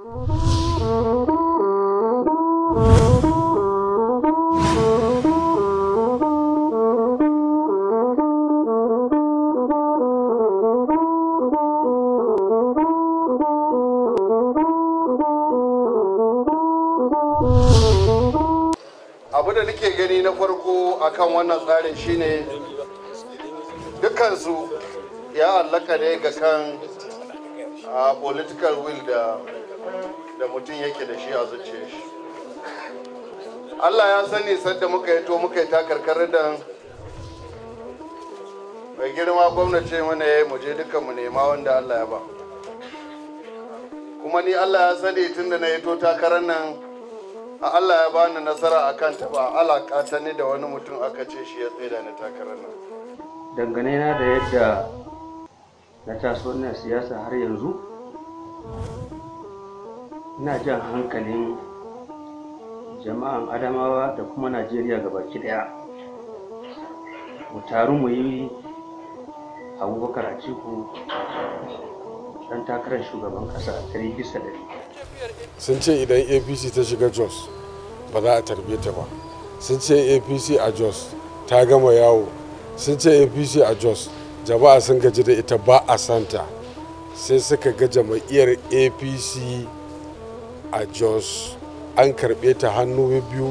abu da nake gani na farko akan wannan tsarin shine dukansu ya allaka ne ga kan ah, political will da da mutum yake da shi a zuciya shi Allah ya sani sadda muka yi to muka yi takarkar da mai girma gwamnati mana ya yi muje duka mu nema wanda Allah ya ba kuma ni Allah ya sani tun da na yi to takarar nan a Allah ya bani nasara a kan taɓa alaƙa ta ni da wani mutum aka ce shi ya tsaida ni takarar nan dangane na da yadda na taso na siyasa har yanzu ina jan hankalin jama'an adamawa da kuma najeriya baki daya mu taru mu yi abubakar a ciku dan takarar shugaban kasa a tare bisa da sun ce idan apc ta shiga jos ba za a tarbe ta ba sun ce apc a jos ta gama yawo sun ce apc a jos jama'a sun gaji da ita ba a santa sai suka ga jama'iyar apc a jos an karɓe ta hannu biyu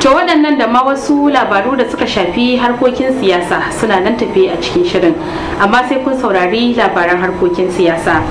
to waɗannan da ma wasu labaru da suka shafi harkokin siyasa suna nan tafe a cikin shirin amma sai kun saurari labaran harkokin siyasa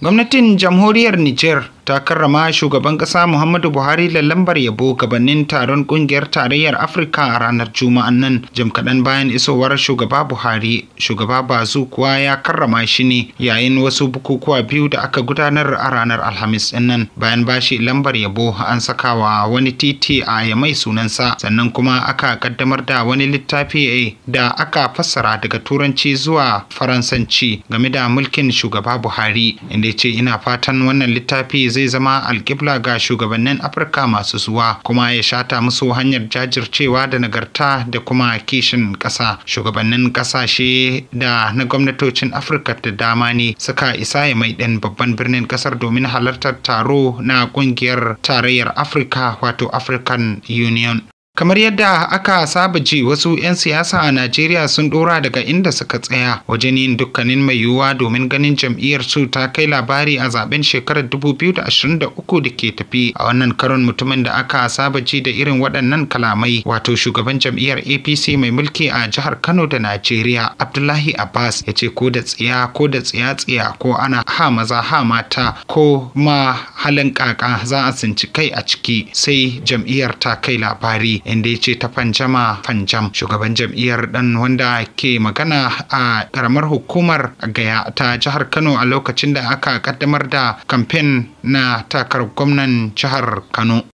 gwamnatin jamhuriyar nijar ta karrama shugaban ƙasa Muhammadu Buhari da lambar yabo gabanin taron ƙungiyar tarayyar Afirka a ranar Juma'an nan. Jim kaɗan bayan isowar shugaba Buhari, shugaba Bazu kuwa ya karrama shi ne yayin wasu bukukuwa biyu da aka gudanar a ranar Alhamis ɗin nan. Bayan bashi lambar yabo an sakawa wani titi a ya mai sunansa sannan kuma aka kaddamar da wani littafi da aka fassara daga Turanci zuwa Faransanci game da mulkin shugaba Buhari inda ce ina fatan wannan littafi zai zama alkibla ga shugabannin afirka masu zuwa kuma ya shata musu hanyar jajircewa da nagarta da kuma kishin ƙasa shugabannin ƙasashe da na gwamnatocin afirka da dama ne suka isa ya mai ɗin babban birnin ƙasar domin halartar taro na ƙungiyar tarayyar afirka wato african union Kamar yadda aka saba ji wasu 'yan siyasa a Najeriya sun ɗora daga inda suka tsaya wajen yin dukkanin mai yiwuwa domin ganin jam'iyyar su ta kai labari a zaben shekarar 2023 da ke tafi a wannan karon mutumin da aka saba ji da irin waɗannan kalamai wato shugaban jam'iyyar APC mai mulki a jihar Kano da Najeriya Abdullahi Abbas ya ce ko da tsiya ko da tsiya tsiya ko ana ha maza ha mata ko ma halin kaka za a tsinci kai a ciki sai jam'iyyar ta kai labari inda ya ce ta fancama fancam shugaban jam'iyyar dan wanda ke magana a karamar hukumar gaya ta jihar kano a lokacin da aka kaddamar da kamfen na takar gwamnan jihar kano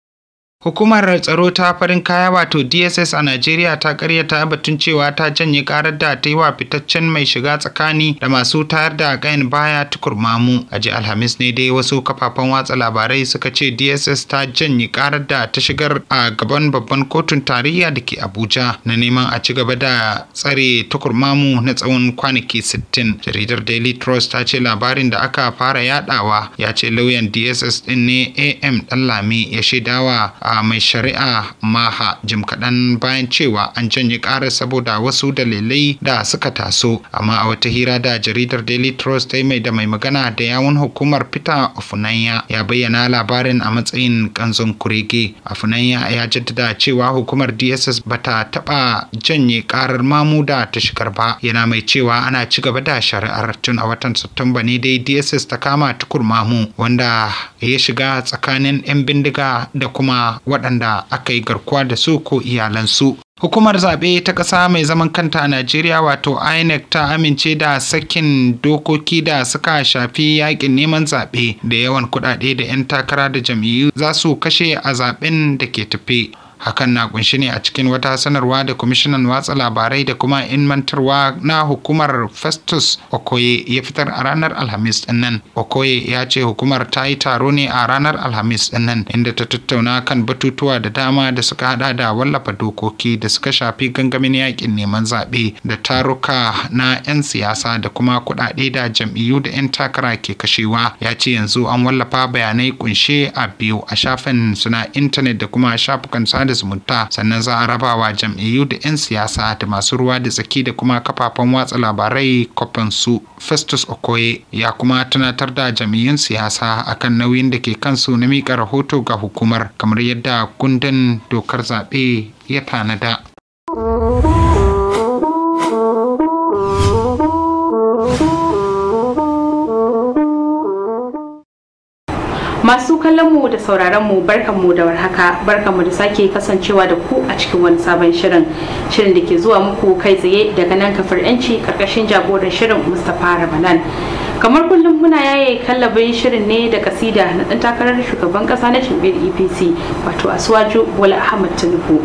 Hukumar tsaro ta farin kaya wato DSS a Najeriya ta karyata batun cewa ta janye karar da ta yi wa fitaccen mai shiga tsakani da masu tayar da gayan baya tukurmamu. A ji Alhamis ne dai wasu kafafen watsa labarai suka ce DSS ta janye karar da ta shigar a gaban babban kotun tarayya da ke Abuja na neman a ci gaba da tsare tukurmamu na tsawon kwanaki 60. Jaridar Daily Trust ta ce labarin da aka fara yadawa ya ce lauyan DSS ɗin ne AM Dallame ya shaidawa a a mai shari'a maha jim kaɗan bayan cewa an janye ƙarar saboda wasu dalilai da suka taso amma a wata hira da jaridar daily trust ta mai da mai magana da yawun hukumar peter ofunanya ya bayyana labarin a matsayin kanzon kurege ofunanya ya jaddada cewa hukumar dss bata taɓa janye ƙarar mamu da ta shigar ba yana mai cewa ana ci gaba da shari'ar tun a watan satumba ne dai dss ta kama tukur mamu wanda ya shiga tsakanin 'yan bindiga da kuma waɗanda aka yi garkuwa da su ko iyalansu. Hukumar zaɓe ta ƙasa mai zaman kanta a Najeriya wato INEC ta amince da sakin dokoki da suka shafi yaƙin neman zaɓe da yawan kuɗaɗe da 'yan takara da jam'iyyu za su kashe a zaɓen da ke tafe. hakan na kunshi ne a cikin wata sanarwa da kwamishinan watsa labarai da kuma ilmantarwa na hukumar festus okoye ya fitar a ranar alhamis dinnan okoye ya ce hukumar ta yi taro ne a ranar alhamis dinnan inda ta tattauna kan batutuwa da dama da suka hada da wallafa dokoki da suka shafi gangamin yakin neman zaɓe da taruka na 'yan siyasa da kuma kuɗaɗe da jam'iyyu da 'yan takara ke kashewa ya ce yanzu an wallafa bayanai kunshe a biyu a shafin suna intanet da kuma shafukan sada zumunta sannan za a raba wa jam'iyyu da 'yan siyasa da masu ruwa da tsaki da kuma kafafen watsa labarai kofin su festus okoye ya kuma tunatar da jam'iyyun siyasa akan nauyin da ke kansu na miƙa rahoto ga hukumar kamar yadda kundin dokar zaɓe ya tanada. Masu kallon mu da sauraron mu barkan mu da warhaka barkan mu da sake kasancewa da ku a cikin wani sabon shirin shirin da ke zuwa muku kai tsaye daga nan kafar yanci karkashin jagoran shirin Mustapha Ramadan. Kamar kullum muna yaye kallabin shirin ne da kasida na dan takarar shugaban kasa na jam'iyyar EPC wato Asuwaju Bola Ahmad Tinubu.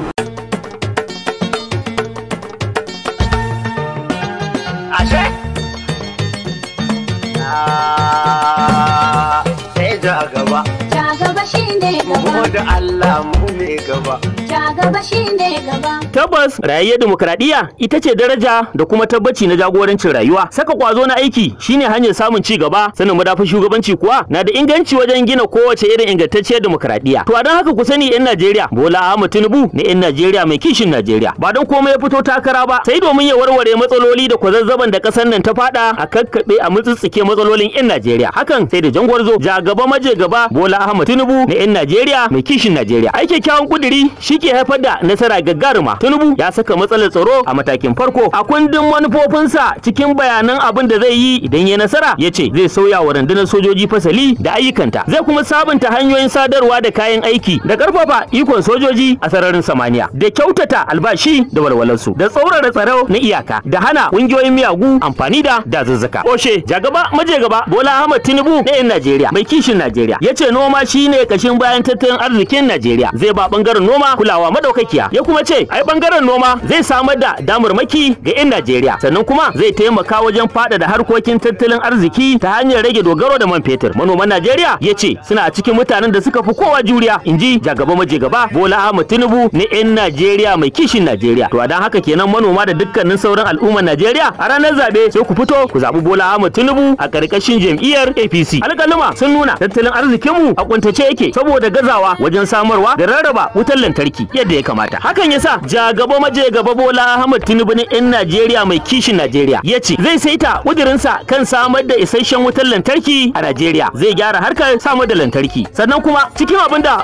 Tabbas rayuwar demokradiyya ita ce daraja da kuma tabbaci na jagorancin rayuwa. Saka kwazo na aiki shine hanyar samun ci gaba, sanin madafin shugabanci kuwa na da inganci wajen gina kowace irin ingantacciyar demokradiyya. To a don haka ku sani 'yan Najeriya, Bola Ahmed Tinubu na 'yan Najeriya mai kishin Najeriya. Ba don komai ya fito takara ba, sai domin ya warware matsaloli da kwazazzaban da kasar nan ta fada a kakkaɓe a mutsitsike matsalolin 'yan Najeriya. Hakan sai da jangwarzo ja gaba maje gaba Bola Ahmed Tinubu na 'yan Najeriya mai kishin Najeriya. Ai kyakkyawan kuduri shi ke haifar da nasara gagaruma. Tinubu ya saka matsalar tsaro a matakin farko. A kundin manufofinsa cikin bayanan abin da zai yi idan ya nasara ya ce zai sauya wa rundunar sojoji fasali da ayyukanta. Zai kuma sabunta hanyoyin sadarwa da kayan aiki da ƙarfafa ikon sojoji a sararin samaniya. Da kyautata albashi da walwalarsu. Da tsaurara tsaro na iyaka. Da hana ƙungiyoyin miyagu amfani da dazuzzuka. Oshe jagaba majegaba Bola Ahmad Tinubu na 'yan Najeriya mai kishin Najeriya. Ya ce noma shine lokacin bayan tattalin arzikin Najeriya zai ba bangaren noma kulawa madaukakiya ya kuma ce ai bangaren noma zai samar da damarmaki ga 'yan Najeriya sannan kuma zai taimaka wajen faɗaɗa harkokin tattalin arziki ta hanyar rage dogaro da man fetur manoman Najeriya ya ce suna a cikin mutanen da suka fi kowa juriya inji jagaba maje gaba Bola Ahmed Tinubu na 'yan Najeriya mai kishin Najeriya to dan haka kenan manoma da dukkanin sauran al'ummar Najeriya a ranar zabe sai ku fito ku zabi Bola Ahmed Tinubu a ƙarƙashin jam'iyyar APC alƙaluma sun nuna tattalin arzikinmu a kuntace yake saboda gazawa wajen samarwa da rarraba wutar lantarki yadda ya kamata hakan yasa jagaba maje gaba Bola Ahmad Tinubu ne yan Najeriya mai kishin Najeriya ya ce zai saita kudirinsa kan samar da isasshen wutar lantarki a Najeriya zai gyara harkar samar da lantarki sannan kuma cikin abin da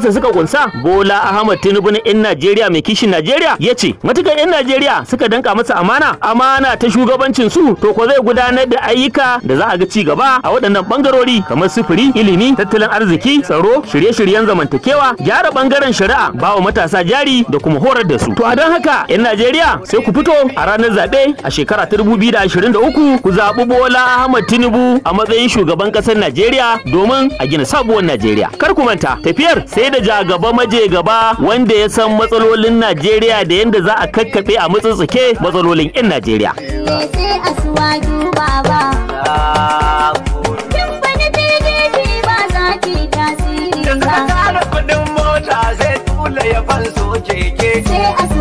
sa suka kunsa Bola Ahmad Tinubu ne yan Najeriya mai kishin Najeriya ya ce matukar yan Najeriya suka danka masa amana amana ta shugabancin su to ko zai gudanar da ayyuka da za a ga ci gaba a waɗannan bangarori kamar sufuri ilimi tattalin arziki tsaro tsaro shirye-shiryen zamantakewa gyara bangaren shari'a ba wa matasa jari da kuma horar da su to a don haka 'yan najeriya sai ku fito a ranar zaɓe a shekara ta 2023 ku zaɓi bola ahmad tinubu a matsayin shugaban ƙasar najeriya domin a gina sabuwar najeriya kar ku manta tafiyar sai da jagaba maje gaba wanda ya san matsalolin najeriya da yadda za a kakkaɓe a matsatsake matsalolin 'yan najeriya. ya fanso ke Sai a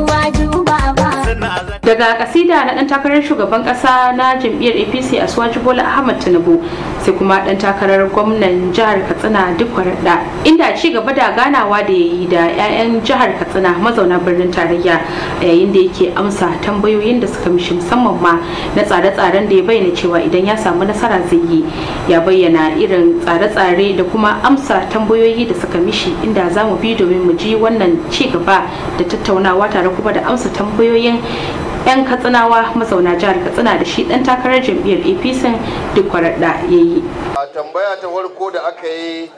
daga kasida na dan takarar shugaban kasa na jam'iyyar apc a suwaji bola ahmad tinubu sai kuma dan takarar gwamnan jihar katsina duk da inda ci gaba da ganawa da ya yi da 'ya'yan jihar katsina mazauna birnin tarayya yayin da yake amsa tambayoyin da suka mishi musamman ma na tsare-tsaren da ya bayyana cewa idan ya samu nasara zai yi ya bayyana irin tsare-tsare da kuma amsa tambayoyi da suka mishi inda za mu bi domin mu ji wannan ci gaba da tattaunawa tare kuma da amsa tambayoyin 'yan katsinawa mazauna jihar katsina da shi dan takarar jam'iyyar apc duk kwararda ya yi a tambaya ta farko da aka yi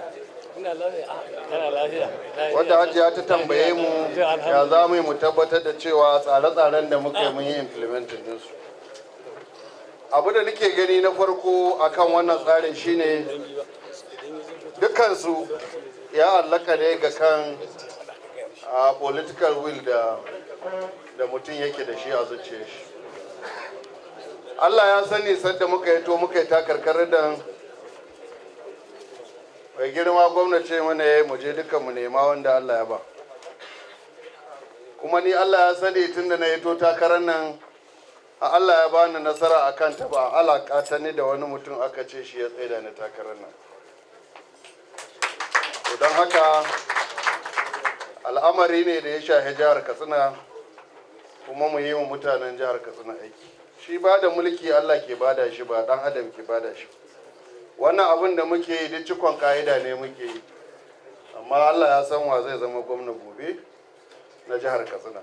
wadda hajiya ta tambaye mu ya za mu mu tabbatar da cewa tsare-tsaren da muka mun yi implementing dinsu abu da nake gani na farko akan wannan tsarin shine dukansu ya allaka ne ga kan ah, political will da da mutum yake da shi a zuciya shi Allah ya sani sadda muka yi to muka yi takarkar da mai girma gwamnati mana ya eh, yi muje dukan mu nema wanda Allah ya ba kuma ni Allah ya sani tun da na yi to takarar nan a Allah ya bani nasara a kan ba alaƙa ta ni da wani mutum aka ce shi ya tsaida ni takarar nan don haka al'amari ne da ya shahe jihar katsina kuma mu yi wa mutanen jihar katsina aiki shi ba da mulki allah ke bada shi ba dan adam ke bada shi wannan abin da muke yi duk cikon ka'ida ne muke yi amma allah ya san wa zai zama gwamna gobe na jihar katsina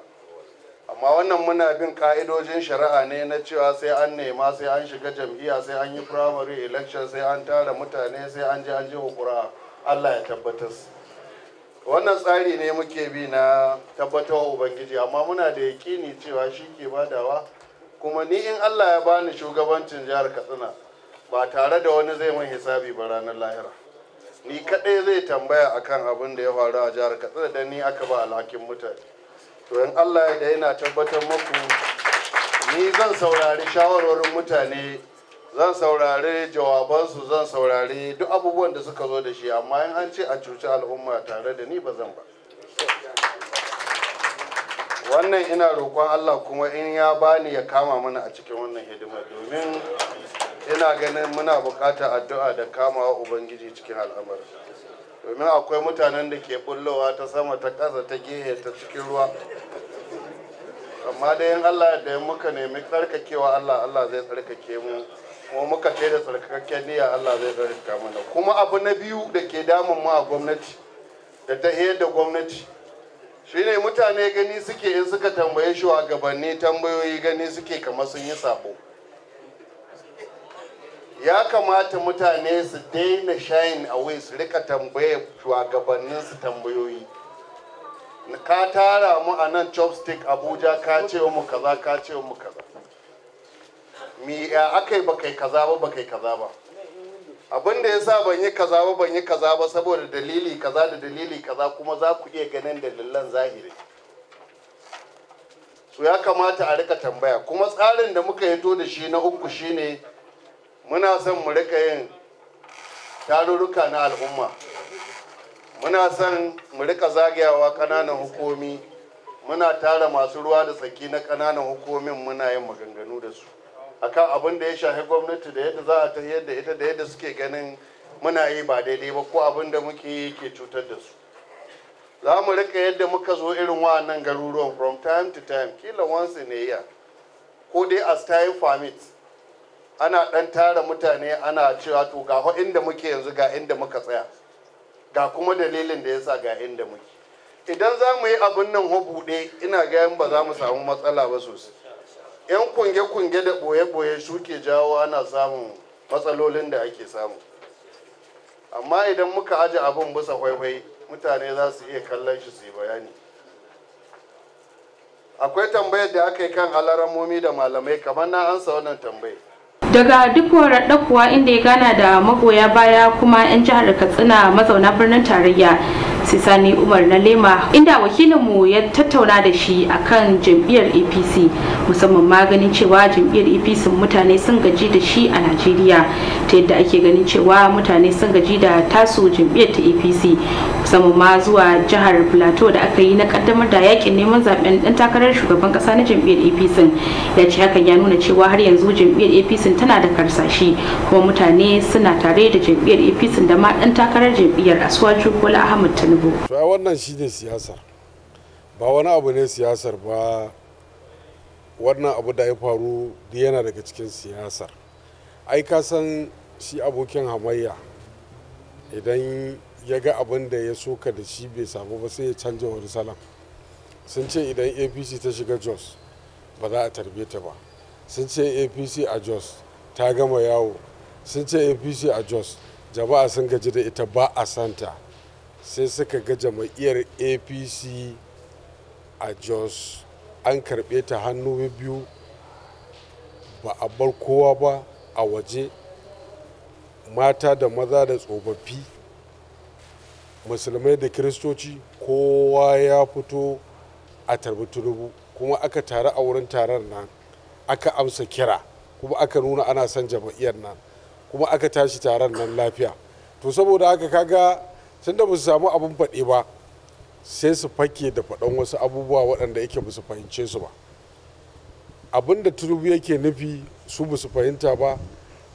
amma wannan muna bin ka'idojin shari'a ne na cewa sai an nema sai an shiga jam'iyya sai an yi primary election sai an tara mutane sai an je an je hukura allah ya tabbatar wannan tsari ne muke bi na tabbatarwa ubangiji amma muna da yakini cewa shi ke badawa kuma ni in allah ya bani shugabancin jihar katsina ba tare da wani zai mun hisabi ba ranar lahira ni kaɗai zai tambaya akan abin da ya faru a jihar katsina dan ni aka ba alhakin mutane to in allah ya da yana tabbatar maku ni zan saurari shawarwarin mutane zan saurari jawabansu zan saurari duk abubuwan da suka zo da shi amma in an ce a cuci al'umma tare da ni ba zan ba wannan ina roƙon allah kuma in ya bani ya kama mana a cikin wannan hidima domin ina ganin muna buƙatar addu'a da kama kamawa ubangiji cikin al'amari domin akwai mutanen da ke bullowa ta sama ta ƙasa ta gehe ta cikin ruwa amma dai in allah da muka nemi tsarkakewa allah allah zai tsarkake mu kuma muka ce da tsarkakken niyya Allah zai kama mana kuma abu na biyu da ke damun mu a gwamnati da ta da gwamnati shine mutane gani suke in suka tambaye gabanni tambayoyi gani suke kamar sun yi sabo ya kamata mutane su daina shayin away su rika tambaye shugabannin su tambayoyi ka tara mu a nan chopstick abuja ka ce mu kaza ka ce mu kaza mi ya yi baka yi kaza ba baka yi kaza ba abin da yasa ban yi kaza ba ban yi kaza ba saboda dalili kaza da dalili kaza kuma za ku iya ganin dalilan zahiri Su ya kamata a rika tambaya kuma tsarin da muka yato da shi na uku shine muna son mu rika yin tarurruka na al'umma muna son mu rika zagayawa ƙananan hukumi muna tara masu ruwa da tsaki na kananan hukumin muna yin maganganu da su akan abin da ya shafi gwamnati da yadda za a ta yadda ita da yadda suke ganin muna yi ba daidai ba ko abin da muke yi ke cutar da su za mu rika yadda muka zo irin wa'annan garuruwan from time to time kila once in a year ko dai as time permits ana dan tara mutane ana cewa to ga inda muke yanzu ga inda muka tsaya ga kuma dalilin da yasa ga inda muke idan za mu yi abin nan hubuɗe ina ga ba za mu samu matsala ba sosai 'yan kunge-kunge da boye-boye suke jawo ana samun matsalolin da ake samu amma idan muka aje abin bisa kwaikwai mutane za su iya kallon shi su yi bayani akwai tambayar da aka yi kan alaramomi da malamai kamar na ansa wannan tambayar daga dukkan dakuwa inda ya gana da magoya baya kuma 'yan jihar katsina mazauna birnin tarayya sai sani umar na lema inda wakilinmu ya tattauna da shi akan jam'iyyar apc musamman ma ganin cewa jam'iyyar apc mutane sun gaji da shi a najeriya ta yadda ake ganin cewa mutane sun gaji da tasu jam'iyyar ta apc musamman ma zuwa jihar plateau da aka yi na kaddamar da yakin neman zaben dan takarar shugaban kasa na jam'iyyar apc ya ce hakan ya nuna cewa har yanzu jam'iyyar apc tana da karsashi kuma mutane suna tare da jam'iyyar apc da ma dan takarar jam'iyyar asuwaju bola ahmad tinubu shigo to ai wannan shi ne siyasar ba wani abu ne siyasar ba wannan abu da ya faru da yana daga cikin siyasar ai ka san shi abokin hamayya idan ya ga abin da ya soka da shi bai samu ba sai ya canja wani salam sun ce idan apc ta shiga jos ba za a tarbe ta ba sun ce apc a jos ta gama yawo sun ce apc a jos jama'a sun gaji da ita ba a santa sai suka ga jama'iyyar apc a jos an karɓe ta hannu biyu ba a bar kowa ba a waje mata da maza da tsofaffi musulmai da kiristoci kowa ya fito a tarbi tunubu kuma aka taru a wurin taron nan aka amsa kira kuma aka nuna ana son jama'iyyar nan kuma aka tashi taron nan lafiya to saboda haka kaga tunda da musu samu abin faɗe ba sai su fake da faɗan wasu abubuwa waɗanda yake ba fahimce su ba abin da turubu yake nufi su musu fahimta ba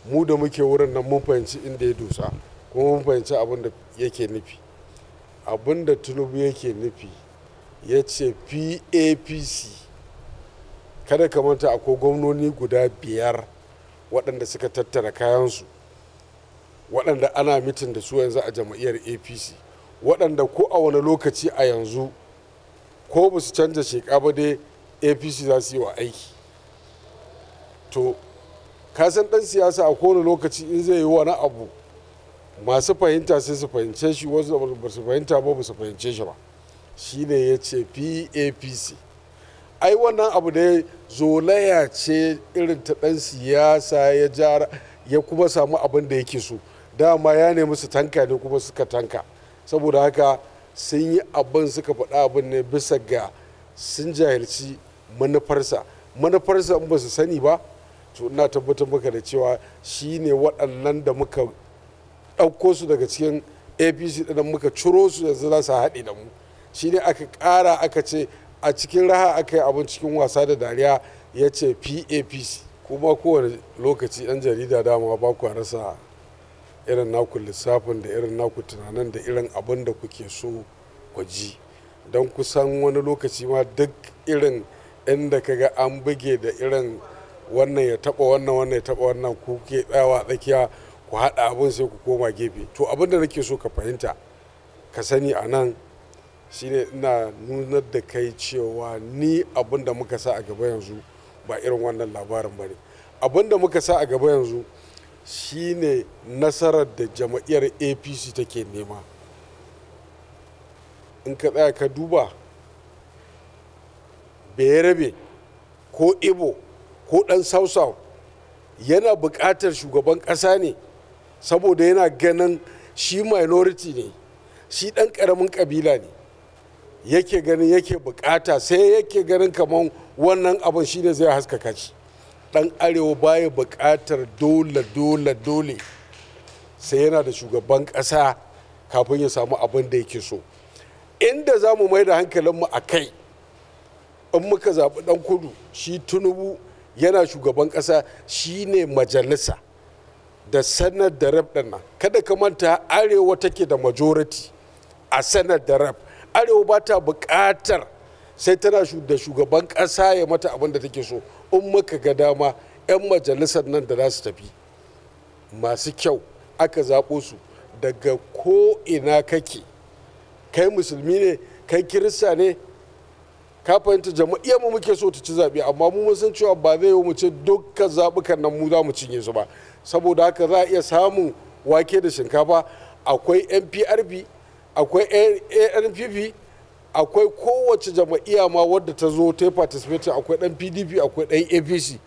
mu da muke wurin nan mun fahimci inda ya dusa kuma mun fahimci abin da yake nufi abin da tunubu yake nufi ya ce papc kada ka manta akwai gwamnoni guda biyar waɗanda suka tattara kayansu waɗanda ana mitin da su yanzu a jam'iyyar apc waɗanda ko a wani lokaci a yanzu ko ba su canza sheka ba dai apc za su yi wa aiki to kasan ɗan siyasa a kowane lokaci in zai yi wani abu masu fahimta sai su fahimce shi wasu ba su fahimta ba ba su fahimce shi ba shi ne ya ce papc ai wannan abu da zolaya ce irin ta ɗan siyasa ya ya kuma samu abin da yake so dama ya nemi su tanka ne kuma suka tanka saboda haka sun yi abin suka faɗa abin ne bisa ga sun jahilci manufarsa manufarsa in ba su sani ba to ina tabbatar maka da cewa shi ne waɗannan da muka ɗauko su daga cikin apc ɗin muka ciro su yanzu za su haɗe da mu shi ne aka ƙara aka ce a cikin raha aka yi abin cikin wasa da dariya ya ce papc kuma kowane lokaci 'yan jarida dama ba ku rasa irin naku lissafin da irin naku tunanin da irin abin da kuke so ku ji don kusan wani lokaci ma duk irin inda ga an buge da irin wannan ya taba wannan wannan ya taba wannan ku ke tsayawa tsakiya ku haɗa abin sai ku koma gefe to abin da nake so ka fahimta ka sani a nan shine ina nunar da kai cewa ni abin da muka sa a gaba yanzu ba irin wannan labarin ba ne abin da muka sa a gaba yanzu shine nasarar da jam'iyyar apc take nema in ka tsaya ka duba bayarabe ko ibo ko ɗan sausau yana buƙatar shugaban ƙasa ne saboda yana ganin shi minority ne shi ɗan ƙaramin ƙabila ne yake ganin yake buƙata sai yake ganin kamar wannan abin shi shine zai haskaka shi ɗan arewa baya buƙatar dole dole dole sai yana da shugaban ƙasa kafin ya samu abin da yake so inda za mu mai da hankalinmu a kai in muka zaɓi ɗan kudu shi tunubu yana shugaban ƙasa shi ne majalisa da sanar da rab kada ka manta arewa take da majority a sanar da rab arewa ba ta buƙatar sai tana da shugaban ƙasa ya mata abin da take so in muka ga dama 'yan majalisar nan da za su tafi masu kyau aka zaɓo su daga koina kake kai musulmi ne kai kirista ne ka fahimta jama'iyyar mu muke so ta ci zaɓe amma mu sun cewa ba zai yi mu ce dukkan zaɓukan nan mu za mu cinye su ba saboda haka za a iya samun wake da shinkafa akwai mprb akwai anpp akwai kowace jama'iya ma wadda ta zo ta participate akwai dan pdp akwai dan apc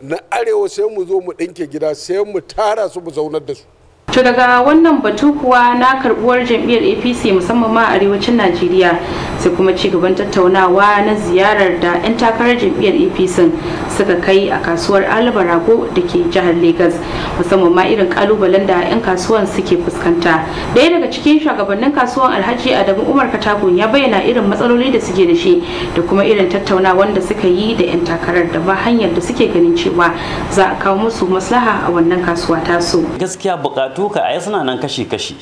na arewa sai mu zo mu ɗinke gida sai mu tara su mu zaunar da su to daga wannan batu kuwa na karbuwar jam'iyyar apc musamman ma a arewacin najeriya sai kuma ci gaban tattaunawa na ziyarar da 'yan takarar jam'iyyar apc suka kai a kasuwar albarago da ke jihar Legas, musamman ma irin kalubalen da 'yan kasuwan suke fuskanta daya daga cikin shugabannin kasuwan alhaji adamu umar Katakun ya bayyana irin matsaloli da suke da shi da kuma irin tattaunawan da suka yi da 'yan takarar da ba hanyar da suke ganin cewa za a kawo musu maslaha a wannan kasuwa tasu gaskiya karatu ka ai suna nan kashi-kashi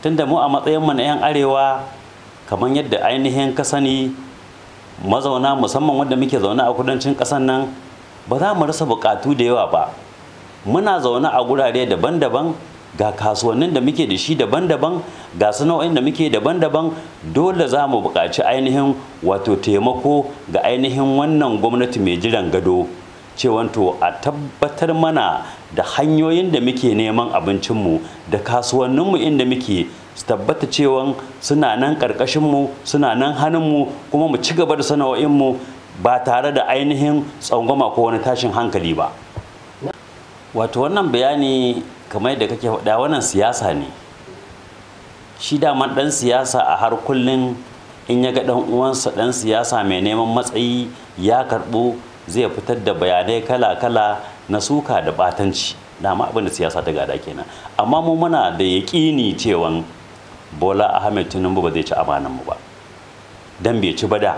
tunda mu a matsayinmu na 'yan arewa kamar yadda ainihin ka sani mazauna musamman wanda muke zaune a kudancin ƙasar nan ba za mu rasa buƙatu da yawa ba muna zaune a gurare daban-daban ga kasuwannin da muke da shi daban-daban ga sana'o'in da muke daban-daban dole za mu buƙaci ainihin wato taimako ga ainihin wannan gwamnati mai jiran gado cewanto a tabbatar mana da hanyoyin da muke neman abincinmu da kasuwanninmu inda muke su tabbata cewa suna nan ƙarƙashinmu suna nan hannunmu kuma mu ci gaba da sana'o'inmu ba tare da ainihin tsangwama ko wani tashin hankali ba wato wannan bayani kamar da kake faɗa wannan siyasa ne shi dama ɗan siyasa a har kullum in ya ga ɗan uwansa ɗan siyasa mai neman matsayi ya karɓu zai fitar da bayanai kala-kala na suka da batanci dama abin da siyasa ta gada kenan amma mu muna da yaƙini cewan bola ahmed tinubu ba zai ci amanan mu ba dan bai ci ba da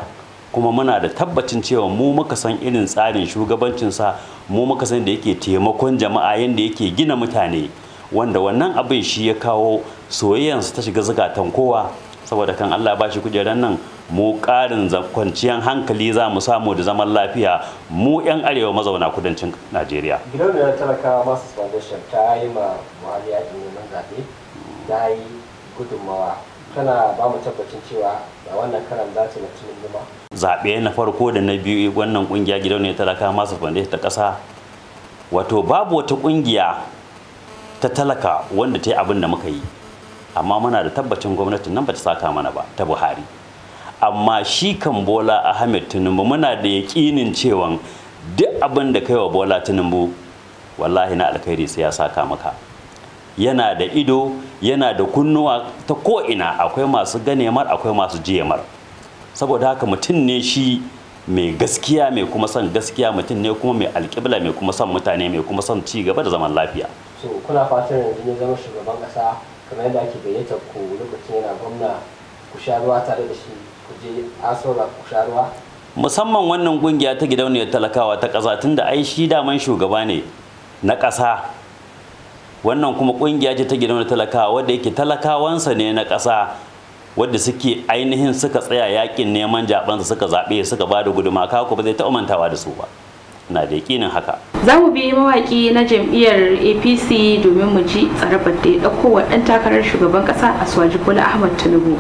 kuma muna da tabbacin cewa mu muka san irin tsarin shugabancinsa mu muka san da yake taimakon jama'a yadda yake gina mutane wanda wannan abin shi ya kawo soyayyansa ta shiga zukatan kowa saboda kan allah ba shi kujerar nan mu ƙarin kwanciyar hankali za mu samu da zaman lafiya mu 'yan arewa mazauna kudancin najeriya gidauniyar talakawa masu foundation ta yi ma muhalli yaƙi neman zaɓe na yi gudunmawa tana ba mu tabbacin cewa da wannan karan za ta mutum nima zaɓe na farko da na biyu wannan ƙungiya gidauniyar talakawa masu foundation ta ƙasa wato babu wata ƙungiya ta talaka wanda ta yi abin da muka yi amma muna da tabbacin gwamnatin nan ba ta saka mana ba ta buhari amma shi kan bola ahmed tinubu muna da yaƙinin cewa duk abin da kai wa bola tinubu wallahi na alkhairi sai ya saka maka yana da ido yana da kunnuwa ta ko'ina akwai masu ganemar akwai masu jiyamar saboda haka mutum ne shi mai gaskiya mai kuma son gaskiya mutum ne kuma mai alƙibla mai kuma son mutane mai kuma son ci gaba da zaman lafiya so kuna fatan yanzu ya zama shugaban kasa kamar yadda ake gayyatar ku lokacin yana gwamna ku sha ruwa tare da shi musamman wannan kungiya ta gidauniyar talakawa ta ƙasa tun da ai shi daman shugaba ne na ƙasa wannan kuma kungiya ce ta gidauniyar talakawa wadda yake talakawansa ne na ƙasa wadda suke ainihin suka tsaya yakin neman jabansa suka zaɓe suka ba da guduma ka ba zai taɓa mantawa da su ba na da yakinin haka za mu bi mawaƙi na jam'iyyar apc domin mu ji tsarabar da ya ɗauko wa ɗan takarar shugaban ƙasa a na ahmad tinubu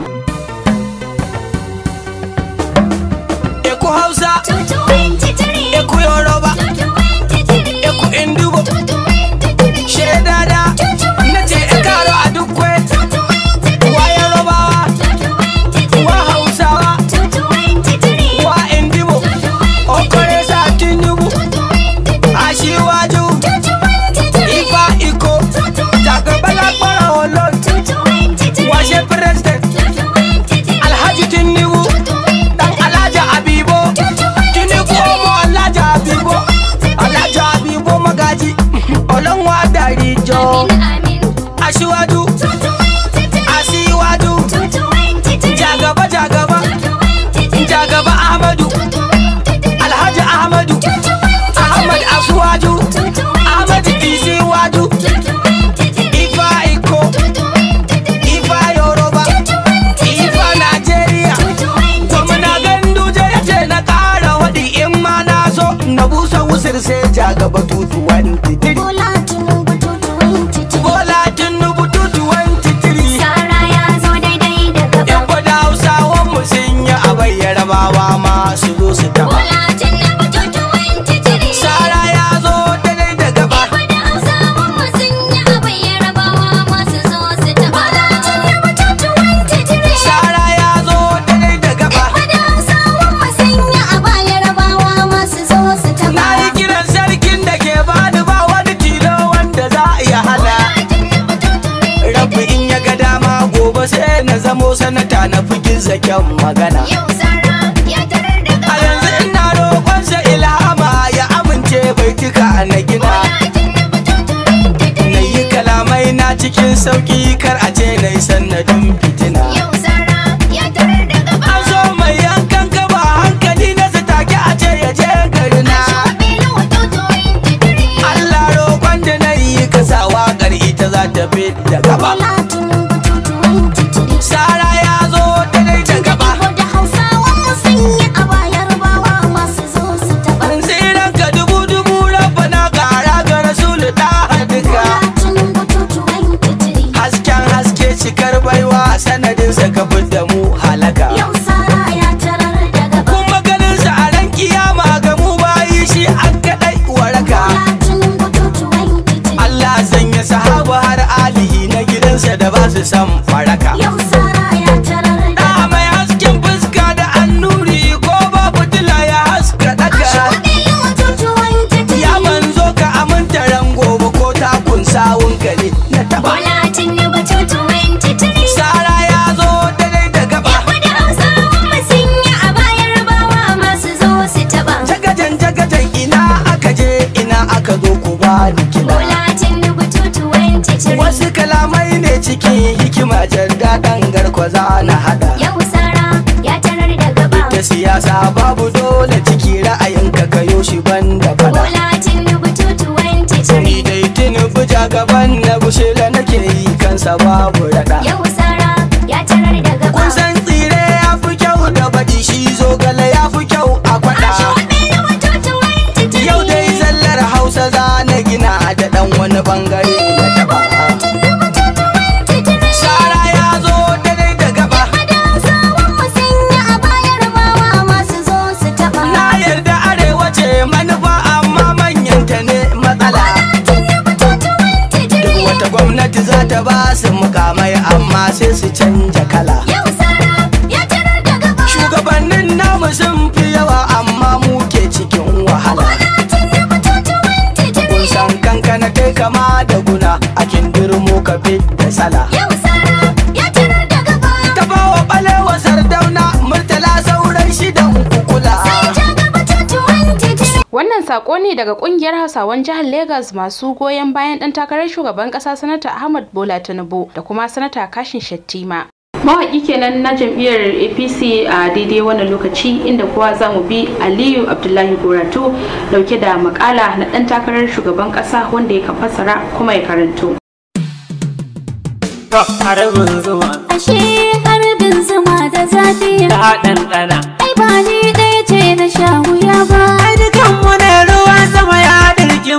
sako ne daga kungiyar Hausawan jihar Legas masu goyon bayan dan takarar shugaban kasa sanata Ahmad Bola Tinubu da kuma sanata Kashin Shattima. Mawaƙi kenan na jam'iyyar APC a daidai wannan lokaci inda kowa za mu bi Aliyu Abdullahi Goratu dauke da makala na dan takarar shugaban kasa wanda ya fassara kuma ya karanto. Harbin zuma. da zafi. ɗanɗana. Ai ba ni ɗaya ce na sha wuya ba.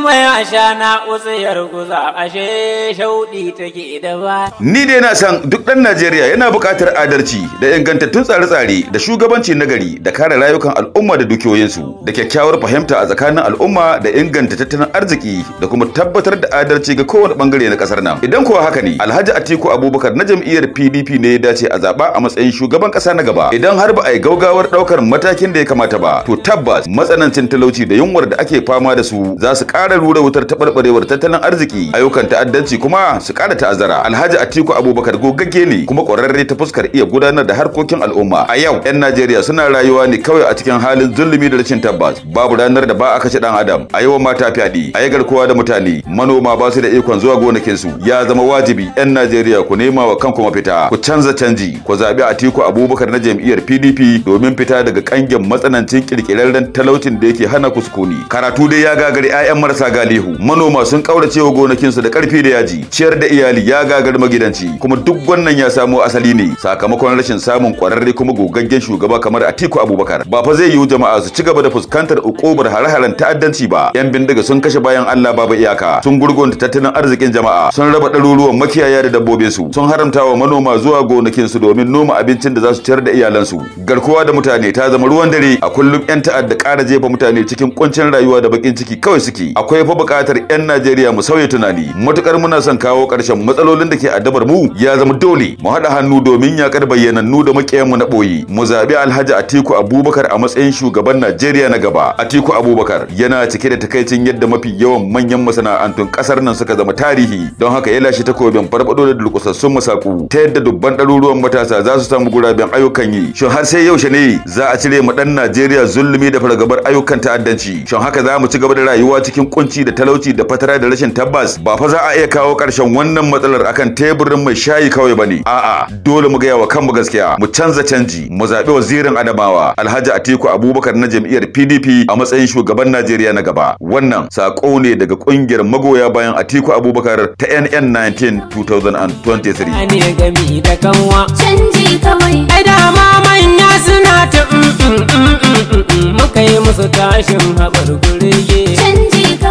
mai asha na utsiyar guza ashe shauɗi take da ba. Ni dai na san duk ɗan Najeriya yana buƙatar adalci da ingantattun tsare-tsare da shugabanci nagari da kare rayukan al'umma da dukiyoyinsu da kyakkyawar fahimta a tsakanin al'umma da inganta tattalin arziki da kuma tabbatar da adalci ga kowane bangare na ƙasar nan. Idan kuwa haka ne Alhaji Atiku Abubakar na jam'iyyar PDP ne ya dace a zaɓa a matsayin shugaban ƙasa na gaba. Idan har ba a yi gaugawar ɗaukar matakin da ya kamata ba to tabbas matsanancin talauci da yunwar da ake fama da su za su ƙara ƙara rura wutar taɓarɓarewar tattalin arziki ayyukan ta'addanci kuma su ƙara ta'azzara alhaji atiku abubakar gogagge ne kuma ƙwararre ta fuskar iya gudanar da harkokin al'umma a yau 'yan najeriya suna rayuwa ne kawai a cikin halin zulumi da rashin tabbas babu ranar da ba a kashe dan adam a yawan mata fyaɗe a yi garkuwa da mutane manoma ba su da ikon zuwa gonakinsu ya zama wajibi 'yan najeriya ku nema wa kanku mafita ku canza canji ku zaɓi atiku abubakar na jam'iyyar pdp domin fita daga ƙangin matsanancin ƙirƙirarren talaucin da yake hana kuskuni karatu dai ya gagari 'ya'yan marasa marasa galihu manoma sun ƙaurace wa gonakinsu da karfi da yaji ciyar da iyali ya gagar magidanci kuma duk wannan ya samo asali ne sakamakon rashin samun ƙwararre kuma gogaggen shugaba kamar Atiku Abubakar ba fa zai yiwu jama'a su ci gaba da fuskantar ukubar hare-haren ta'addanci ba yan bindiga sun kashe bayan Allah babu iyaka sun gurgunta tattalin arzikin jama'a sun raba ɗaruruwan makiyaya da dabbobin su sun haramta wa manoma zuwa gonakinsu domin noma abincin da za su ciyar da iyalansu garkuwa da mutane ta zama ruwan dare a kullum yan ta'adda ƙara jefa mutane cikin kuncin rayuwa da bakin ciki kawai suke akwai fa buƙatar 'yan Najeriya mu sauya tunani matukar muna son kawo ƙarshen matsalolin da ke addabar mu ya zama dole mu haɗa hannu domin yaƙar bayyanannu da mu na ɓoye mu zaɓi Alhaji Atiku Abubakar a matsayin shugaban Najeriya na gaba Atiku Abubakar yana cike da takaicin yadda mafi yawan manyan masana'antun ƙasar nan suka zama tarihi don haka ya lashe takobin farfado da dulkusassun masaku ta yadda dubban ɗaruruwan matasa za su samu guraben ayyukan yi shin har sai yaushe ne za a cire mu ɗan Najeriya zulumi da fargabar ayyukan ta'addanci shin haka za mu ci gaba da rayuwa cikin hukunci da talauci da fatara da rashin tabbas ba fa za a iya kawo karshen wannan matsalar akan teburin mai shayi kawai bane a'a dole mu gaya wa kanmu gaskiya mu canza canji mu zaɓi wazirin adamawa alhaji atiku abubakar na jam'iyyar pdp a matsayin shugaban najeriya na gaba wannan sako ne daga ƙungiyar magoya bayan atiku abubakar ta nn 19 2023 canji kawai ai manya suna ta muka yi musu canji kawai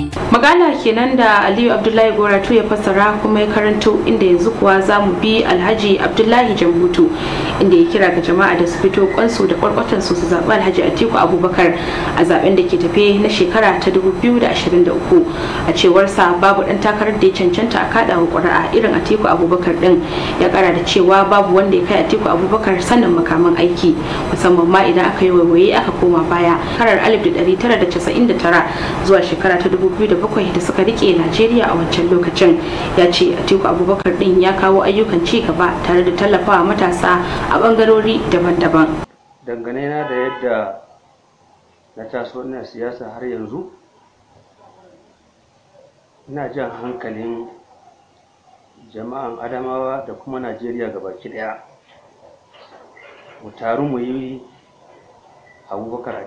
magala Magana kenan da Aliyu Abdullahi Goratu ya fassara kuma ya karanto inda yanzu kuwa za mu bi Alhaji Abdullahi Jambutu inda ya kira ga jama'a da su fito kwansu da kwarkwatan su su zaɓi Alhaji Atiku Abubakar a zaɓen da ke tafe na shekara ta 2023 a cewar sa babu ɗan takarar da ya cancanta a kaɗa wa ƙuri'a irin Atiku Abubakar ɗin ya ƙara da cewa babu wanda ya kai Atiku Abubakar sanin makaman aiki musamman ma idan aka yi waiwaye aka koma baya karar 1999 zuwa shekara ta 2007 da suka rike Najeriya a wancan lokacin ya ce Atiku Abubakar din ya kawo ayyukan ci gaba tare da tallafawa matasa a bangarori daban-daban. Dangane na da yadda na taso na siyasa har yanzu ina jan hankalin jama'an adamawa da kuma najeriya baki daya mu taru mu yi abubakar a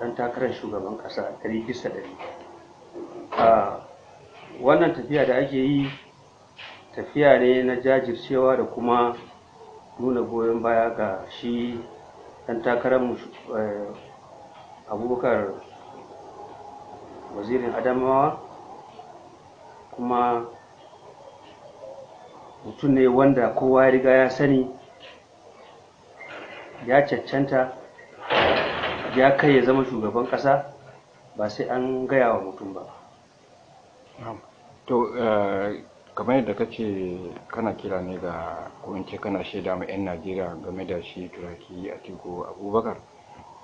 ɗan takarar shugaban ƙasa ɗari bisa ɗari wannan tafiya da ake yi tafiya ne na jajircewa da kuma nuna goyon baya ga shi ɗan takarar eh, abubakar wazirin adamawa kuma mutum ne wanda kowa ya riga ya sani ya cancanta ya kai ya zama shugaban ƙasa ba sai an gaya wa mutum ba to eh, kamar yadda kace kana kira ne ga ko in ce kana shaida ma 'yan najeriya game da shi turaki a tiko abubakar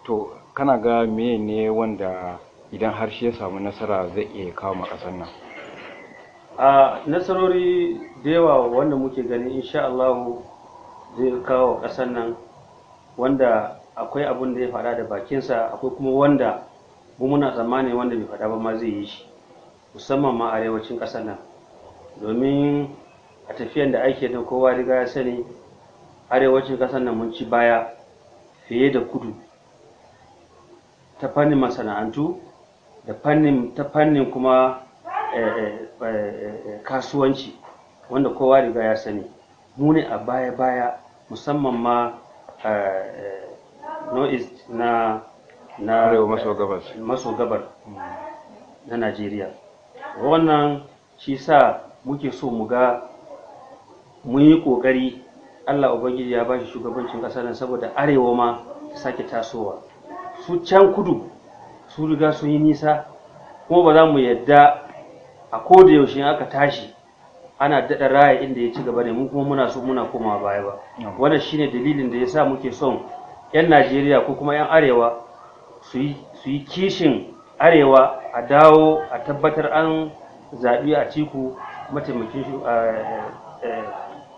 to kana ga me ne wanda idan har shi ya samu nasara zai iya kawo ma nan a nasarori da yawa wanda muke gani insha Allah zai kawo ƙasar nan wanda akwai abun da ya faɗa da bakinsa akwai kuma wanda mu muna tsammani wanda bai faɗa ba ma zai yi shi musamman ma arewacin ƙasar nan domin a tafiyan da ake da kowa riga ya sani arewacin ƙasar nan mun ci baya fiye da kudu ta fannin masana'antu da fannin ta fannin kuma eh, eh, eh, kasuwanci wanda kowa riga ya sani mu ne a baya-baya musamman ma northeast na na arewa maso gabas maso gabar na najeriya wannan shi sa muke so mu ga mun yi kokari allah ubangiji ya bashi shi shugabancin ƙasar nan saboda arewa ma ta sake tasowa su can kudu su riga sun yi nisa kuma ba za mu yadda a koda yaushe aka tashi ana daɗa raya inda ya ci gaba ne mun kuma muna so muna komawa baya ba wannan shine dalilin da ya sa muke son 'yan najeriya ko kuma 'yan arewa su yi kishin arewa a dawo a tabbatar an zaɓi a ciku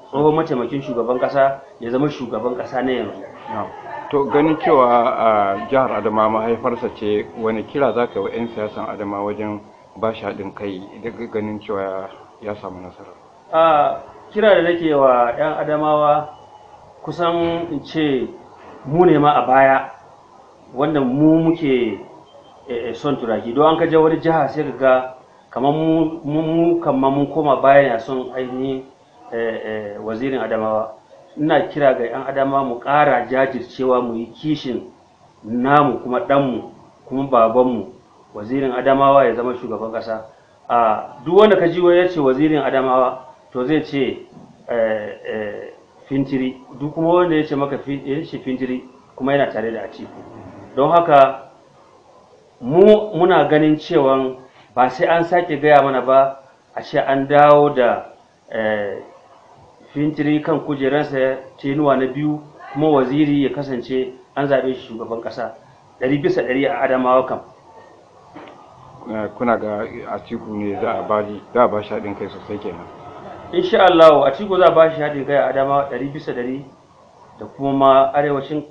tsohon mataimakin shugaban ƙasa ya zama shugaban ƙasa na yanzu to ganin cewa a jihar adama mahaifarsa ce wani kira za ka yi wa 'yan siyasan adama wajen ba shi haɗin kai daga ganin cewa ya samu nasara a kira da nake wa 'yan adamawa kusan in ce mu ne ma a baya wanda mu muke eh, eh, son turaki don an kaje wani jiha sai ka ga kamar mu kamar mun koma baya ya son ainihin eh, wazirin adamawa ina kira ga 'yan adamawa mu ƙara jajircewa mu yi kishin namu kuma ɗanmu kuma babanmu wazirin adamawa ya zama shugaban ƙasa a duk wanda ka ji ya ce wazirin adamawa to zai ce fintiri duk kuma wanda ya ce maka ya fintiri kuma yana tare da atiku don haka mu muna ganin cewa ba sai an sake gaya mana ba a ce an dawo da eh, fintiri kan kujeransa nuwa na biyu kuma waziri ya kasance an zaɓe shi shugaban ƙasa ɗari bisa ɗari a adamawa kam eh, kuna ga atiku ne za a ba shi kai sosai kenan insha Allah a ciko za a bashi haɗin kai a adama ɗari bisa ɗari da kuma ma arewacin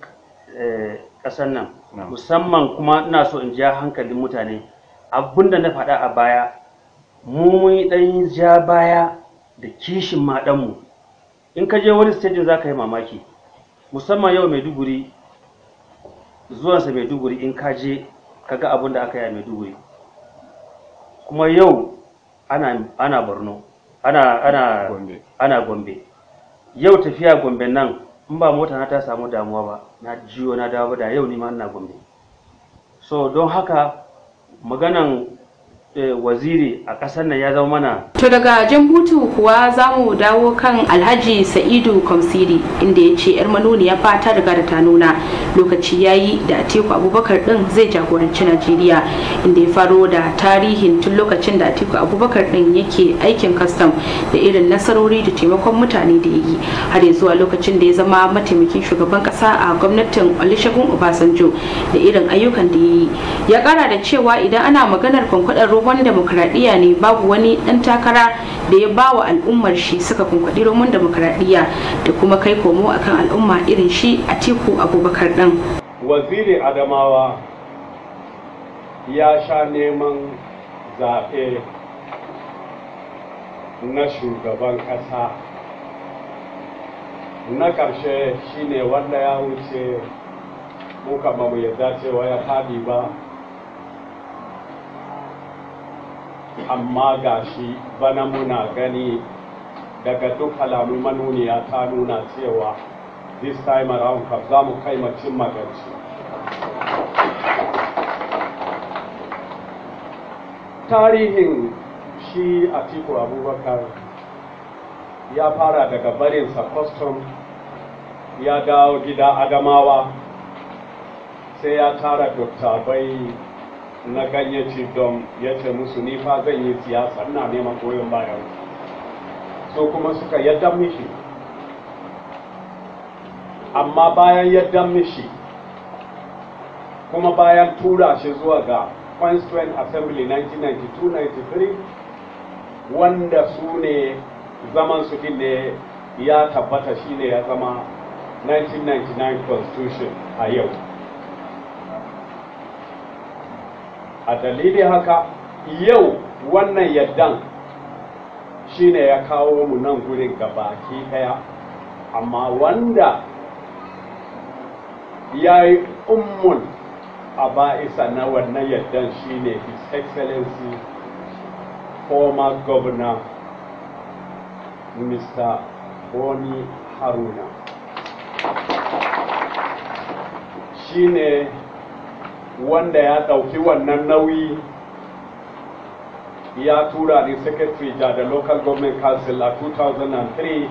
eh, ƙasar nan musamman kuma ina so in ja hankalin mutane da na faɗa a baya mu mun ɗan ja baya da kishin mu in ka je wani stage za ka yi mamaki musamman yau maiduguri zuwansa maiduguri in ka je ka ga abun da aka yi a maiduguri kuma yau ana, ana borno ana ana gombe ana gombe yau tafiya gombe nan in ba mota na ta samu damuwa ba na jiyo na dawo da yau ni ma ina gombe so don haka maganan Eh, waziri a ƙasar nan ya zama mana. To daga Jambutu kuwa za mu dawo kan Alhaji Sa'idu Kamsiri inda ya ce 'yar manoniya fata ta riga da ta nuna lokaci ya yi da Atiku Abubakar ɗin zai jagoranci Najeriya inda ya faro da tarihin tun lokacin da Atiku Abubakar ɗin yake aikin kastam da irin nasarori da taimakon mutane da ya yi har yanzu a lokacin da ya zama mataimakin shugaban ƙasa a gwamnatin Olusegun Obasanjo da irin ayyukan da ya yi. Ya ƙara da cewa idan ana maganar kwankwaɗar roman demokradiyya ne babu wani dan takara da ya bawa al'ummar shi suka kunkwadi roman demokradiyya da kuma kai komo akan al'umma irin shi a tiku abubakar dan waziri adamawa ya sha neman zaɓe na shugaban ƙasa na ƙarshe shine wanda ya wuce muka ba ya cewa ya faɗi ba amma gashi bana muna gani daga duk alamu manuniya ta nuna cewa this time around kam za mu kai macin maganci tarihin shi a atiku abubakar ya fara daga barinsa custom ya dawo gida adamawa sai ya tara bai na ganye ci don ya ce musu ni fa zan yi siyasa ina neman goyon bayan so kuma suka yadda mishi amma bayan yadda mishi kuma bayan tura shi zuwa ga constituent assembly 1992-93 wanda su ne zaman su ne ya tabbata shine ya zama 1999 constitution a yau a dalilin haka yau wannan yaddan shine ya kawo mu nan gurin baki daya amma wanda ya yi ummun a ba'isa na wannan yaddan shine his excellency former governor mr boni haruna shine wanda ya ɗauki wannan nauyi ya tura ni secretary da da local government council a 2003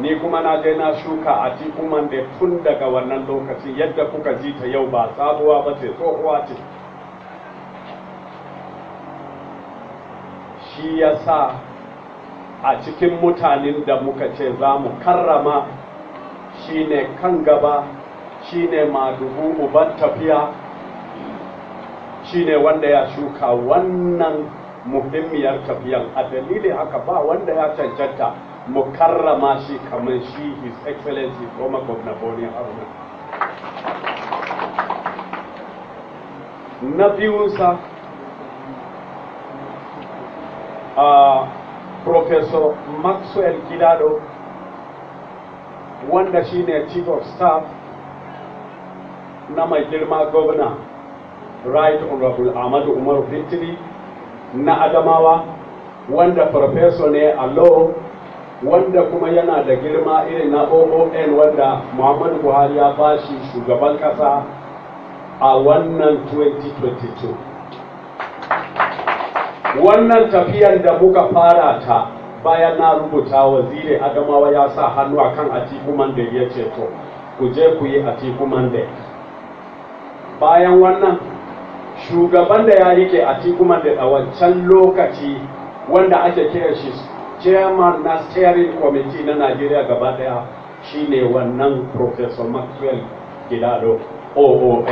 ni kuma na je na shuka a tikuman da tun daga wannan lokaci yadda kuka ji ta yau ba sabuwa ba ce tsohuwa ce shi ya sa a cikin mutanen da muka ce za mu karrama shine kan gaba shine madubu uban tafiya shine wanda ya shuka wannan muhimmiyar tafiyan a dalilin haka ba wanda ya cancanta mu karrama shi kamar shi his excellency former governor Boni Haruna na biyunsa a professor Maxwell Kidado wanda shine chief of staff na mai girma governor right honorable ahmadu umar Fitri na adamawa wanda farfesa ne a law wanda kuma yana da girma irin na oon wanda muhammadu buhari ya bashi shugaban kasa a wannan 2022 wannan tafiyar da muka fara ta bayan na rubuta waziri adamawa ya sa hannu a kan atiku mande ya ce to ku je ku yi atiku mande bayan wannan shugaban da ya rike a tikuman da a wancan lokaci wanda ake kira shi chairman na steering committee na najeriya gaba daya shine wannan professor maxwell gilado ool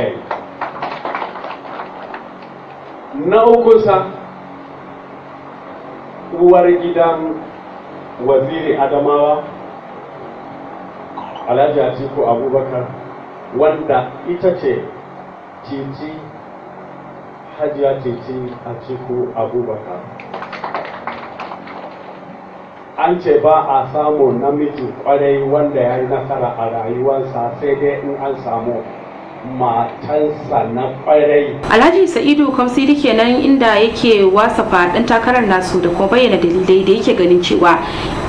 na ukunsa uwar gidan waziri adamawa alhaji atiku abubakar wanda ita ce titi hajiya titi a ciku abubakar an ce ba a samu namiji kwarai wanda ya yi nasara a rayuwarsa sai dai in an samu matansa na kwarai. Alhaji Sa'idu Kamsiri nan inda yake wasafa dan takarar nasu da kuma bayyana dalilai da yake ganin cewa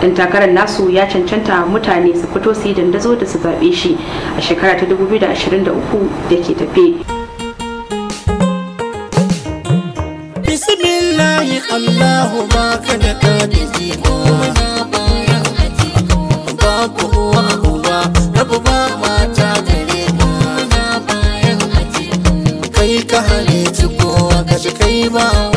dan takarar nasu ya cancanta mutane su fito su yi dandazo da su zaɓe shi a shekara ta 2023 da ke tafe. ba ka da kadi jiko na bayan ajiko ba ku uwa uwa rabu ba mata gare ku na bayan ajiko kai ka halici kowa ka kai ba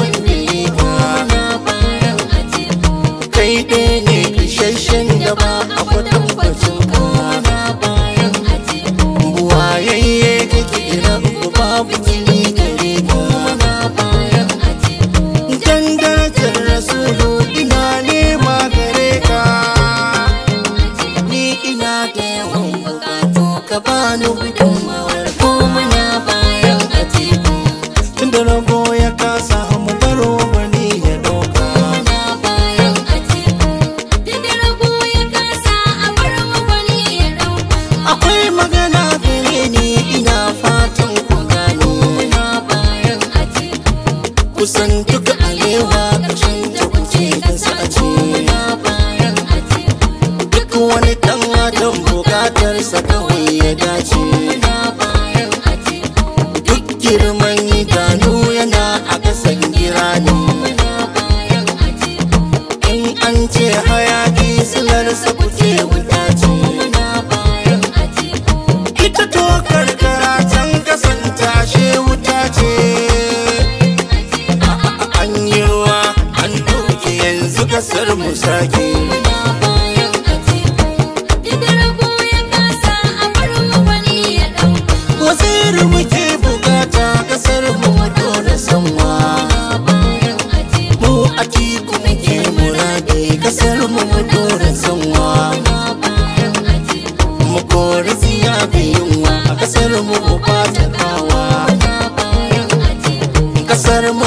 I'm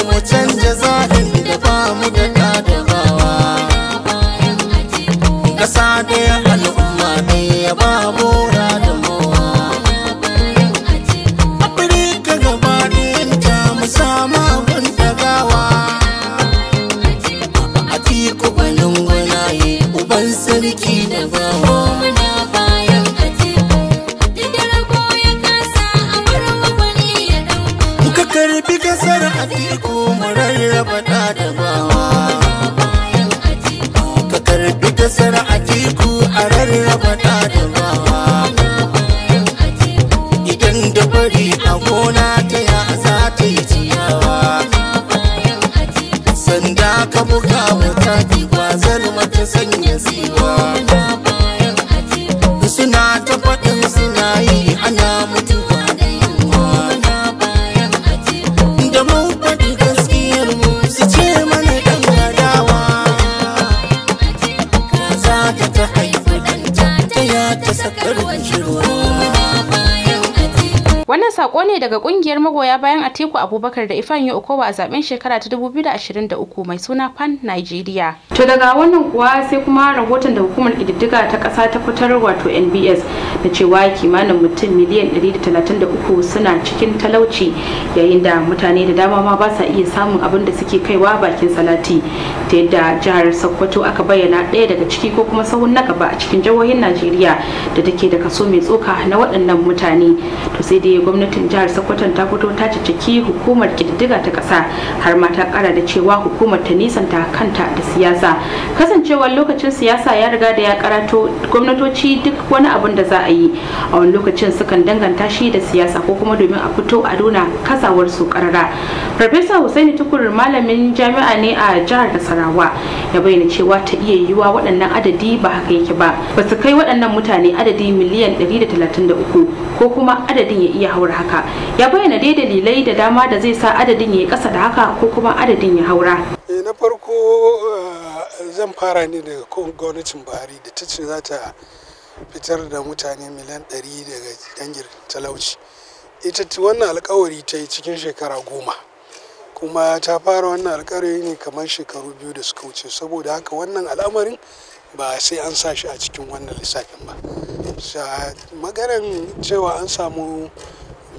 daga kungiyar magoya bayan Atiku Abubakar da Ifeanyi Okowa a zaben shekara ta 2023 mai suna Pan Nigeria. To daga wannan kuwa sai kuma rahoton da hukumar kididdiga ta ƙasa ta fitar wato NBS da cewa kimanin mutum miliyan 133 suna cikin talauci yayin da mutane da dama ma ba sa iya samun abin da suke kaiwa bakin salati ta yadda jihar sokoto aka bayyana ɗaya daga ciki ko kuma sahun na gaba a cikin jihohin najeriya da take da kaso mai tsoka na waɗannan mutane to sai dai gwamnatin jihar sokoto ta fito ta ciki hukumar ƙididdiga ta ƙasa har ma ta ƙara da cewa hukumar ta nisanta kanta da siyasa kasancewar lokacin siyasa ya riga da ya karato gwamnatoci duk wani abun da za a yi a wani lokacin sukan danganta shi da siyasa ko kuma domin a fito a nuna kasawar su ƙarara farfesa hussaini tukur malamin jami'a ne a jihar da nasarawa ya bayyana cewa ta iya yiwuwa waɗannan adadi ba haka yake ba ba su kai waɗannan mutane adadi miliyan 133 ko kuma adadin ya iya haura haka ya bayyana dai dalilai da dama da zai sa adadin ya yi ƙasa da haka ko kuma adadin ya haura eh, na farko eh, zan fara ne daga gwamnatin buhari da ta ce za ta fitar da mutane miliyan 100 daga dangin talauci ita wannan alkawari ta yi cikin shekara goma kuma ta fara wannan alkari ne kamar shekaru biyu da suka wuce saboda haka wannan al'amarin ba sai an sa shi a cikin wannan lissafin ba magaran cewa an samu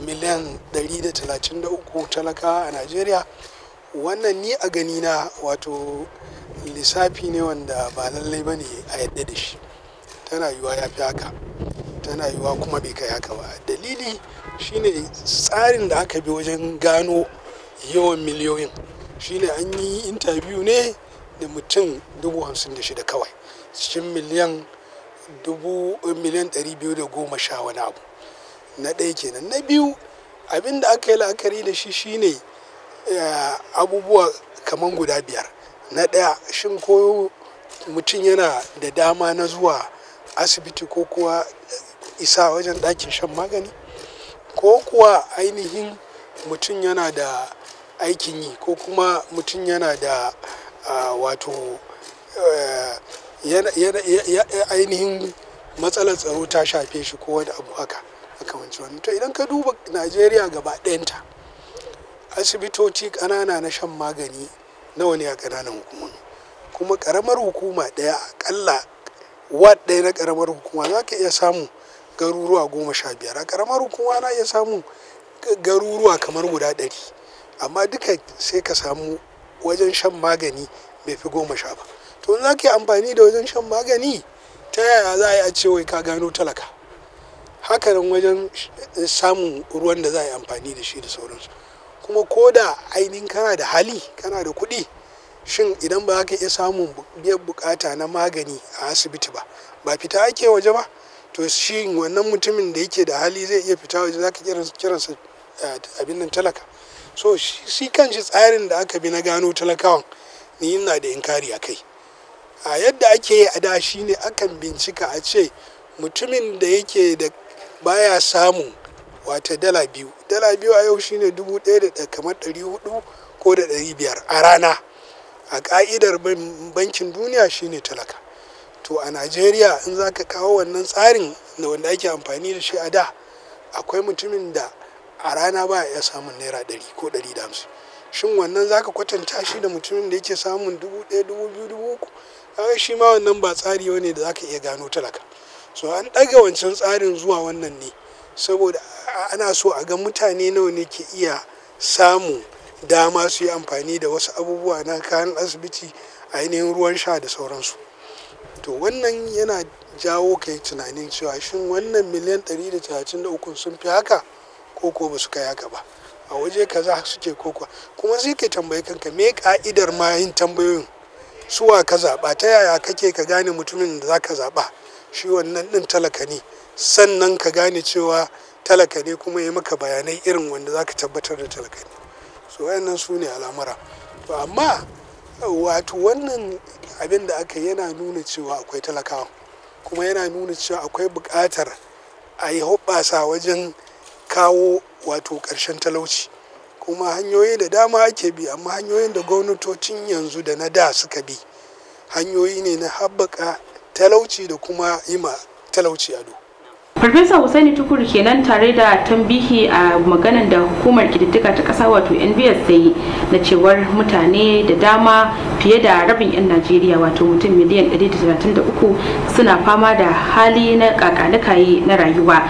miliyan 133 talaka a najeriya wannan ni a gani na wato lissafi ne wanda ba lallai ba ne a yadda da shi tana yiwuwa ya fi haka tana yiwuwa kuma bai kai haka ba dalili shine tsarin da aka bi wajen gano yawan miliyoyin shine an yi intabiyu ne da mutum dubu hamsin da shida kawai cikin miliyan dubu eh, miliyan ɗari biyu da goma sha wani abu na ɗaya kenan na biyu abin da aka yi la'akari da shi shine eh, abubuwa kamar guda biyar na ɗaya shin ko mutum yana da dama na zuwa asibiti ko kuwa isa wajen ɗakin shan magani ko kuwa ainihin mutum yana da aikin yi ko kuma mutum yana da wato ainihin matsalar tsaro ta shafe shi ko wani abu haka wancan wani to idan ka duba najeriya gaba ɗayanta asibitoci ƙanana na shan magani nawa ne a ƙananan hukumomi kuma ƙaramar hukuma ɗaya aƙalla wad ɗaya na ƙaramar hukuma za ka iya samu garuruwa goma sha biyar a ƙaramar hukuma na iya samu garuruwa kamar guda ɗari amma duka sai ka samu wajen shan magani bai fi goma sha ba to za ka yi amfani da wajen shan magani ta yaya za a yi a ce wai ka gano talaka hakanan wajen samun ruwan da za a yi amfani da shi da sauransu kuma ko da ainihin kana da hali kana da kuɗi shin idan ba ka iya samun biyan bukata na magani a asibiti ba ba fita ake waje ba to shi wannan mutumin da yake da hali zai iya fita waje za ka kiransa eh, abin nan talaka so shi kan shi tsarin da aka bi na gano talakawan ni ina da inkari a kai a yadda ake yi a da shi ne akan bincika a ce mutumin da yake da baya samu wata dala biyu dala biyu a yau shine dubu ɗaya da kamar ɗari hudu ko da ɗari biyar a rana a ka'idar bankin duniya shine talaka to a najeriya in za ka kawo wannan tsarin da wanda ake amfani da shi a da akwai mutumin da a rana ba ya samun naira ɗari ko ɗari da hamsin shin wannan za ka kwatanta shi da mutumin da yake samun dubu ɗaya dubu biyu dubu uku kaga shi ma wannan ba tsari ne da za ka iya gano talaka so an ɗaga wancan tsarin zuwa wannan ne saboda ana so a ga mutane nawa ne ke iya samu dama su yi amfani da wasu abubuwa na kayan asibiti ainihin ruwan sha da sauransu to wannan yana jawo kai tunanin cewa shin wannan miliyan ɗari da da uku sun fi haka Koko ba su kai haka ba a waje kaza suke koko kuma sai ke tambayi kanka me ka'idar ma yin tambayoyin suwa ka zaɓa ta yaya kake ka gane mutumin da zaka ka zaɓa shi wannan ɗin talaka ne sannan ka gane cewa talaka ne kuma ya maka bayanai irin wanda za tabbatar da talaka ne so wayannan su ne alamara to amma wato wannan abin da aka yana nuna cewa akwai talakawa kuma yana nuna cewa akwai buƙatar a yi hoɓɓasa wajen kawo wato ƙarshen talauci kuma hanyoyi da dama ake bi amma hanyoyin da gwamnatocin yanzu da na da suka bi hanyoyi ne na haɓaka talauci da kuma yi ma talauci ado farfesa husaini tukur kenan tare da tambihi a maganan da hukumar kididdiga ta kasa wato nbs ta yi na cewar mutane da dama fiye da rabin 'yan najeriya wato mutum miliyan 133 suna fama da hali na kakanikaye na rayuwa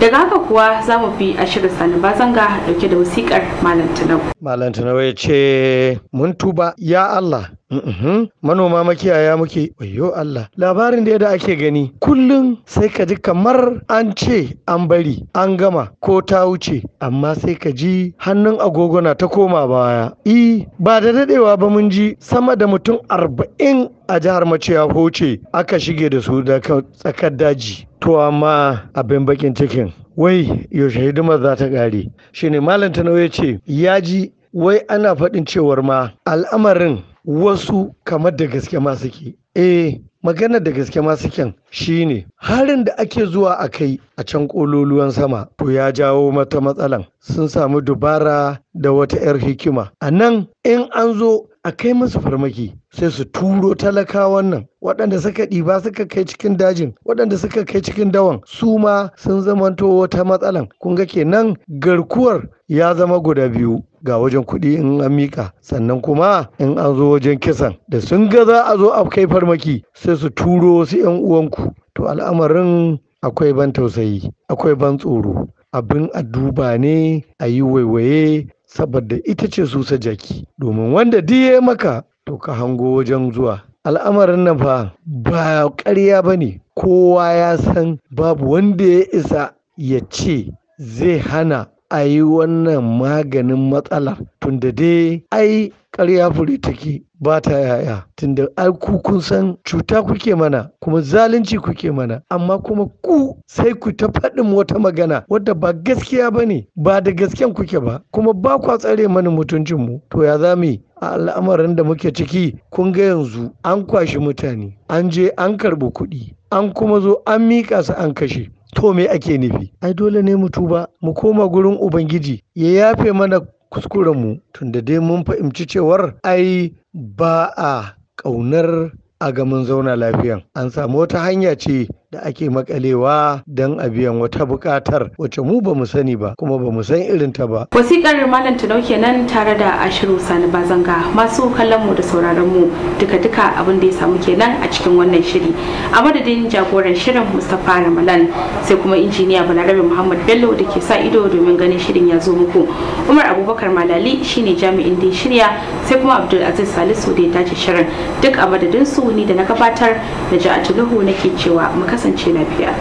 daga haka kuwa za mu fi ashirin sani bazanga dauke da wasikar malam tunau malam tunau ya ce mun tuba ya allah Mm-hmm. manoma makiyaya muke wayo Allah labarin da yadda ake gani kullum sai ka ji kamar an ce an bari an gama ko ta wuce amma sai ka ji hannun agogo na ta koma baya E, ba da dadewa ba mun ji sama da mutum arba'in a jihar maciya hoce aka shige da su da tsakar daji to amma abin bakin cikin wai yaushe hidimar za ta ƙare shine malam tanau ya ce ya ji wai ana faɗin cewar ma al'amarin wasu kamar da gaske ma suke eh magana da gaske ma suken shine harin da ake zuwa a kai a can kololuwan sama to ya jawo mata matsalan sun samu dubara da wata 'yar hikima a nan in an zo a kai masu farmaki sai su turo talakawan nan waɗanda suka ɗiba suka kai cikin dajin waɗanda suka kai cikin dawan su ma sun zamanto wata matsalan kun ga kenan garkuwar ya zama guda biyu ga wajen kuɗi in an mika sannan kuma in an zo wajen kisan da sun ga za a zo a kai farmaki sai su turo su yan uwanku to al'amarin akwai ban tausayi akwai ban tsoro abin a duba ne a yi waiwaye saboda ita ce su jaki domin wanda diye maka to ka hango wajen zuwa al'amarin nan fa ba ƙarya ba ne kowa ya san babu wanda ya isa ya ce zai hana a yi wannan maganin matsalar tunda dai ai ƙarya fure take ba ta yaya tunda ai ku kun san cuta kuke mana kuma zalunci kuke mana amma kuma ku sai ku ta faɗin wata magana wadda ba gaskiya ba ne ba da gasken kuke ba kuma ba kwa tsare mana mutuncinmu to ya za mu a al'amarin da muke ciki kun ga yanzu an kwashi mutane an je an karɓi kuɗi an kuma zo an miƙa su an kashe to me ake nufi ai dole ne mu tuba mu koma gurin ubangiji ya yafe mana kuskuren mu. tunda dai mun fahimci cewar ai ba a ƙaunar a ga zauna lafiyan an samu wata hanya ce da ake makalewa don a biyan wata buƙatar wacce mu ba mu sani ba kuma ba mu san irin ta ba. Wasiƙar Malam Tinau kenan tare da Ashiru Sani Bazanga masu kallon mu da sauraron mu duka-duka abin da ya samu kenan a cikin wannan shiri. A madadin jagoran shirin Mustapha Ramalan sai kuma injiniya Balarabe Muhammad Bello da ke sa ido domin ganin shirin ya zo muku. Umar Abubakar Malali shine jami'in da ya shirya sai kuma Abdul Aziz Salisu da ya tace shirin duk a madadin su ni da na gabatar da na nake cewa mu kasa na lafiya